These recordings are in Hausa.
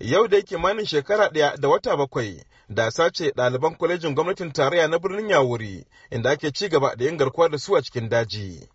yau da kimanin shekara ɗaya da wata bakwai da sace ɗaliban kwalejin gwamnatin tarayya na birnin yawuri inda ake ci gaba da yin garkuwa da su a cikin daji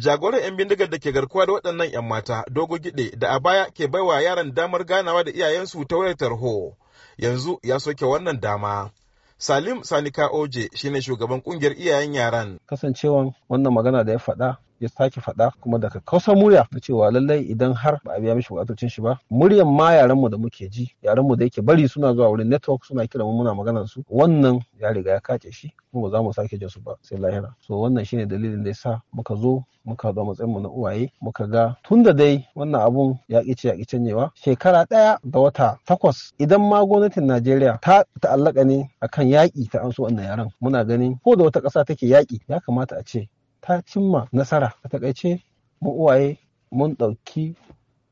jagoran 'yan bindigar da ke garkuwa da waɗannan 'yan mata dogo gide da a baya ke baiwa yaran damar ganawa da iyayensu ta wayar tarho yanzu ya soke wannan dama salim sanika oje shine shugaban kungiyar iyayen yaran kasancewan wannan magana da ya faɗa ya sake faɗa kuma daga kausa murya na cewa lallai idan har ba a biya mishi bukatocin shi ba muryan ma yaren mu da muke ji yaren mu da yake bari suna zuwa wurin network suna kira mu muna maganar su wannan ya riga ya kace shi kuma ba za mu sake jin su ba sai lahira so wannan shine dalilin da yasa muka zo muka zo matsayin mu na uwaye muka ga tunda dai wannan abun ya ƙi ya ƙi shekara ɗaya da wata takwas idan ma gwamnatin Najeriya ta ta'allaka ne akan yaƙi ta an so wannan yaren muna ganin ko da wata ƙasa take yaƙi ya kamata a ce ta cimma nasara a takaice mu uwaye mun ɗauki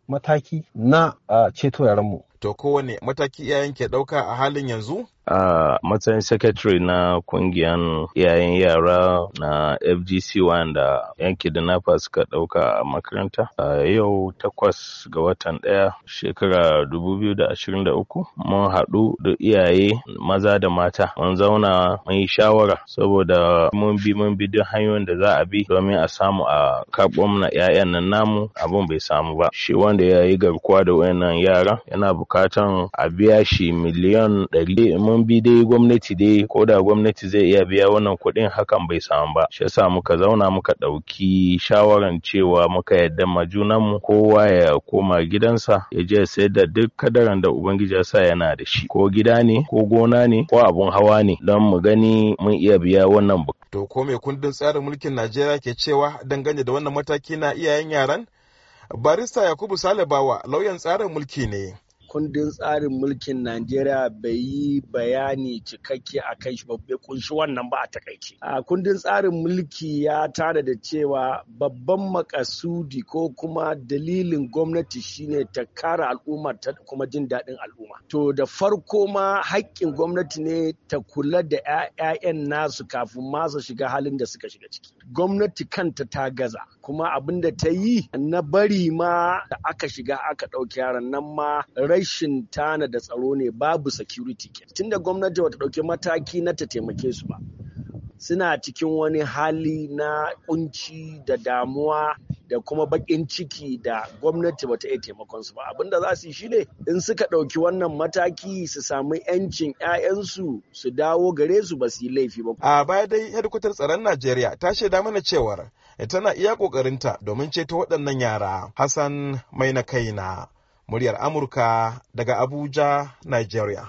mataki na ceto mu. To kowane mataki yayan ke ɗauka a halin yanzu? a matsayin secretary na kungiyan yayin yara na fgc wanda yan kidnapper suka dauka a makaranta a yau takwas ga watan daya shekara 2023 mun haɗu da iyaye maza da mata mun zauna mun yi shawara saboda mun bi mun bi duk hanyoyin da za a bi domin a samu a karɓo na 'ya'yan nan namu abun bai samu ba shi wanda ya yi garkuwa da wayannan yara yana bukatan a biya shi miliyan ɗari mun bi dai gwamnati dai ko da gwamnati zai iya biya wannan kuɗin hakan bai samu ba shi yasa muka zauna muka ɗauki shawaran cewa muka yadda ma junanmu kowa ya koma gidansa ya je ya sayar da duk kadaran da ubangiji ya sa yana da shi ko gida ne ko gona ne ko abun hawa ne don mu gani mun iya biya wannan ba. To ko mai kundin tsarin mulkin Najeriya ke cewa dangane da wannan mataki na iyayen yaran? Barista Yakubu Salibawa lauyan tsarin mulki ne. kundin tsarin mulkin Najeriya bai yi bayani cikakke a kai shi bai kunshi wannan ba a takaice. A kundin tsarin mulki ya tara da cewa babban makasudi ko kuma dalilin gwamnati shine ta kare al'umma ta kuma jin daɗin al'umma. To da farko ma haƙƙin gwamnati ne ta kula da 'ya'yan nasu kafin ma shiga halin da suka shiga ciki. Gwamnati kanta ta gaza. kuma abin da ta yi na bari ma da aka shiga aka ɗauki yaran nan ma rashin tana da tsaro ne babu security tunda gwamnati bata ɗauki mataki na ta taimake su ba suna cikin wani hali na kunci da damuwa da kuma bakin ciki da gwamnati bata iya taimakon su ba abin da za su yi shine in suka ɗauki wannan mataki su samu yancin 'ya'yansu su dawo gare su ba su yi laifi ba. a baya dai hedkwatar tsaron najeriya ta shaida mana cewar Eh, tana iya ƙoƙarinta domin ceto waɗannan yara hassan mai na kaina muryar amurka daga abuja nigeria